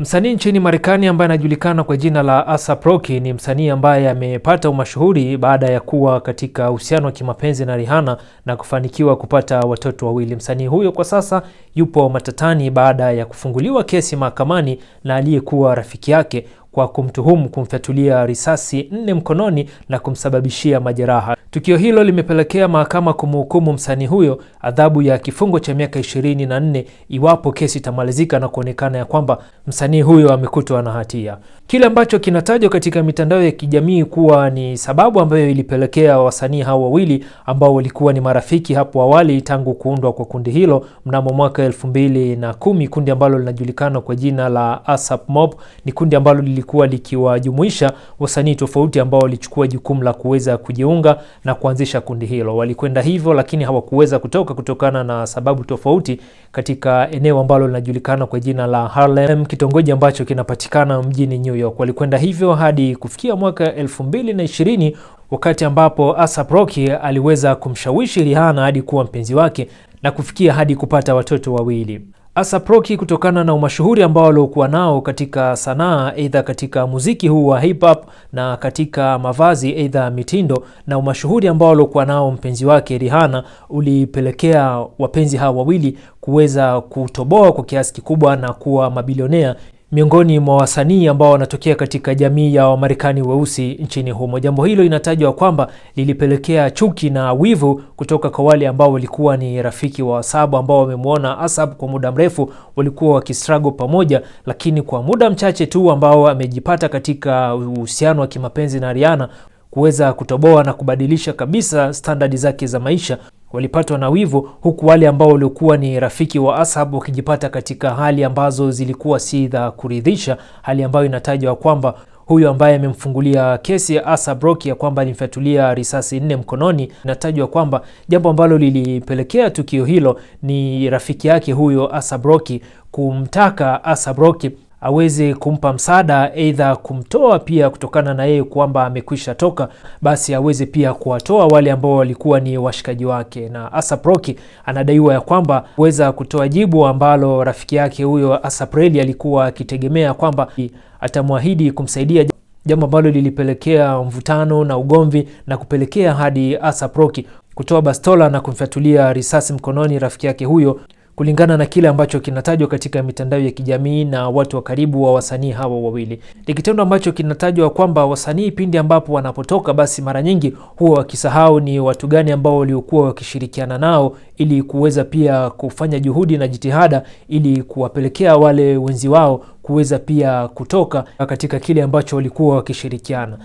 Msanii nchini Marekani ambaye anajulikana kwa jina la ASAP Rocky ni msanii ambaye amepata umashuhuri baada ya kuwa katika uhusiano wa kimapenzi na Rihanna na kufanikiwa kupata watoto wawili. Msanii huyo kwa sasa yupo matatani baada ya kufunguliwa kesi mahakamani na aliyekuwa rafiki yake kwa kumtuhumu kumfyatulia risasi nne mkononi na kumsababishia majeraha. Tukio hilo limepelekea mahakama kumhukumu msanii huyo adhabu ya kifungo cha miaka ishirini na nne iwapo kesi itamalizika na kuonekana ya kwamba msanii huyo amekutwa na hatia. Kile ambacho kinatajwa katika mitandao ya kijamii kuwa ni sababu ambayo ilipelekea wasanii hao wawili ambao walikuwa ni marafiki hapo awali tangu kuundwa kwa kundi hilo mnamo mwaka elfu mbili na kumi, kundi ambalo linajulikana kwa jina la ASAP Mob. Ni kundi ambalo lilikuwa likiwajumuisha wasanii tofauti ambao walichukua jukumu la kuweza kujiunga na kuanzisha kundi hilo. Walikwenda hivyo, lakini hawakuweza kutoka kutokana na sababu tofauti, katika eneo ambalo linajulikana kwa jina la Harlem, kitongoji ambacho kinapatikana mjini New York. Walikwenda hivyo hadi kufikia mwaka 2020 wakati ambapo Asap Rocky aliweza kumshawishi Rihanna hadi kuwa mpenzi wake na kufikia hadi kupata watoto wawili. Asaproki kutokana na umashuhuri ambao waliokuwa nao katika sanaa, aidha katika muziki huu wa hip hop na katika mavazi, aidha mitindo, na umashuhuri ambao waliokuwa nao mpenzi wake Rihanna ulipelekea wapenzi hawa wawili kuweza kutoboa kwa kiasi kikubwa na kuwa mabilionea miongoni mwa wasanii ambao wanatokea katika jamii ya Wamarekani weusi nchini humo. Jambo hilo inatajwa kwamba lilipelekea chuki na wivu kutoka kwa wale ambao walikuwa ni rafiki wa Asabu, ambao wamemwona Asabu kwa muda mrefu, walikuwa wakistrago pamoja, lakini kwa muda mchache tu ambao amejipata katika uhusiano wa kimapenzi na Rihanna kuweza kutoboa na kubadilisha kabisa standardi zake za maisha walipatwa na wivu, huku wale ambao waliokuwa ni rafiki wa Ashab wakijipata katika hali ambazo zilikuwa si za kuridhisha, hali ambayo inatajwa kwamba huyu ambaye amemfungulia kesi ya Asap Rocky ya kwamba alimfyatulia risasi nne mkononi. Inatajwa kwamba jambo ambalo lilipelekea tukio hilo ni rafiki yake huyo Asap Rocky kumtaka asa Rocky aweze kumpa msaada, aidha kumtoa pia kutokana na yeye kwamba amekwisha toka, basi aweze pia kuwatoa wale ambao walikuwa ni washikaji wake. Na asaproki anadaiwa ya kwamba weza kutoa jibu ambalo rafiki yake huyo Asap alikuwa akitegemea kwamba atamwahidi kumsaidia, jambo ambalo lilipelekea mvutano na ugomvi na kupelekea hadi asaproki kutoa bastola na kumfyatulia risasi mkononi rafiki yake huyo kulingana na kile ambacho kinatajwa katika mitandao ya kijamii na watu wa karibu wa wasanii hawa wawili. Ni kitendo ambacho kinatajwa kwamba wasanii pindi ambapo wanapotoka, basi mara nyingi huwa wakisahau ni watu gani ambao waliokuwa wakishirikiana nao ili kuweza pia kufanya juhudi na jitihada ili kuwapelekea wale wenzi wao kuweza pia kutoka katika kile ambacho walikuwa wakishirikiana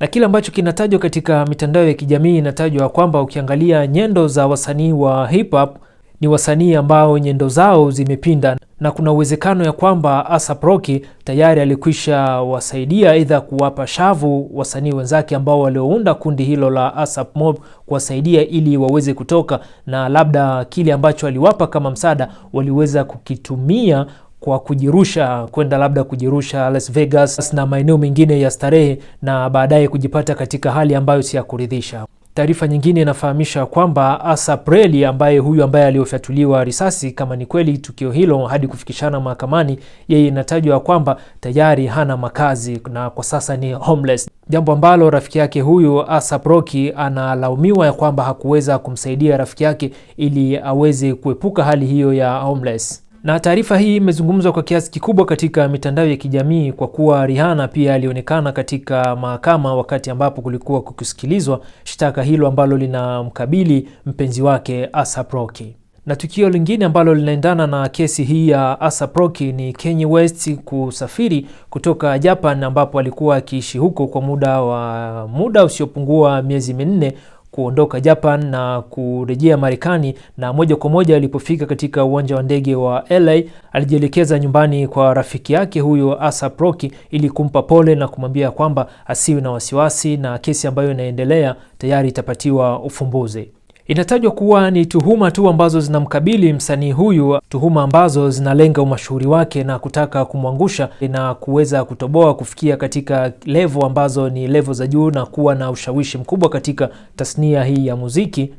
na kile ambacho kinatajwa katika mitandao ya kijamii inatajwa kwamba ukiangalia nyendo za wasanii wa hip hop ni wasanii ambao nyendo zao zimepinda na kuna uwezekano ya kwamba Asap Rocky tayari alikwisha wasaidia aidha kuwapa shavu wasanii wenzake ambao waliounda kundi hilo la Asap Mob kuwasaidia ili waweze kutoka, na labda kile ambacho aliwapa kama msaada waliweza kukitumia kwa kujirusha kwenda labda kujirusha Las Vegas na maeneo mengine ya starehe, na baadaye kujipata katika hali ambayo si ya kuridhisha. Taarifa nyingine inafahamisha kwamba ASAP Reli ambaye huyu ambaye aliyofyatuliwa risasi, kama ni kweli tukio hilo, hadi kufikishana mahakamani, yeye inatajwa kwamba tayari hana makazi na kwa sasa ni homeless, jambo ambalo rafiki yake huyu ASAP Rocky analaumiwa ya kwamba hakuweza kumsaidia rafiki yake ili aweze kuepuka hali hiyo ya homeless. Na taarifa hii imezungumzwa kwa kiasi kikubwa katika mitandao ya kijamii kwa kuwa Rihana pia alionekana katika mahakama wakati ambapo kulikuwa kukisikilizwa shtaka hilo ambalo linamkabili mpenzi wake Asap Rocky. Na tukio lingine ambalo linaendana na kesi hii ya Asap Rocky ni Kanye West kusafiri kutoka Japan ambapo alikuwa akiishi huko kwa muda wa muda usiopungua miezi minne kuondoka Japan na kurejea Marekani, na moja kwa moja alipofika katika uwanja wa ndege wa LA alijielekeza nyumbani kwa rafiki yake huyo ASAP Rocky ili kumpa pole na kumwambia kwamba asiwe na wasiwasi na kesi ambayo inaendelea tayari itapatiwa ufumbuzi. Inatajwa kuwa ni tuhuma tu ambazo zinamkabili msanii huyu, tuhuma ambazo zinalenga umashuhuri wake na kutaka kumwangusha na kuweza kutoboa kufikia katika levo ambazo ni levo za juu na kuwa na ushawishi mkubwa katika tasnia hii ya muziki,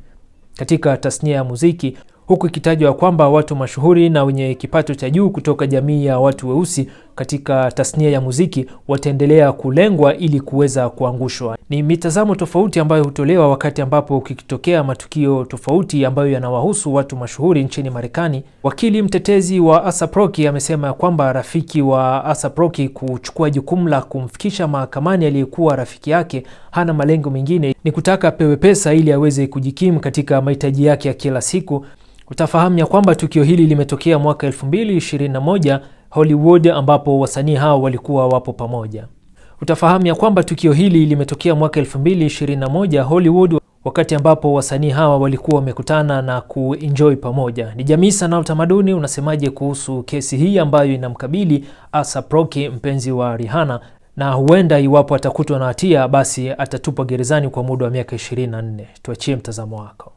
katika tasnia ya muziki huku ikitajwa kwamba watu mashuhuri na wenye kipato cha juu kutoka jamii ya watu weusi katika tasnia ya muziki wataendelea kulengwa ili kuweza kuangushwa. Ni mitazamo tofauti ambayo hutolewa wakati ambapo kikitokea matukio tofauti ambayo yanawahusu watu mashuhuri nchini Marekani. Wakili mtetezi wa Asap Rocky amesema ya kwamba rafiki wa Asap Rocky kuchukua jukumu la kumfikisha mahakamani aliyekuwa rafiki yake hana malengo mengine, ni kutaka apewe pesa ili aweze kujikimu katika mahitaji yake ya kila siku. Utafahamu ya kwamba tukio hili limetokea mwaka 2021 Hollywood ambapo wasanii hao walikuwa wapo pamoja. Utafahamu ya kwamba tukio hili limetokea mwaka 2021 Hollywood wakati ambapo wasanii hawa walikuwa wamekutana na kuenjoy pamoja. Ni jamii sana utamaduni, unasemaje kuhusu kesi hii ambayo inamkabili ASAP Rocky, mpenzi wa Rihanna, na huenda iwapo atakutwa na hatia, basi atatupwa gerezani kwa muda wa miaka 24. Tuachie mtazamo wako.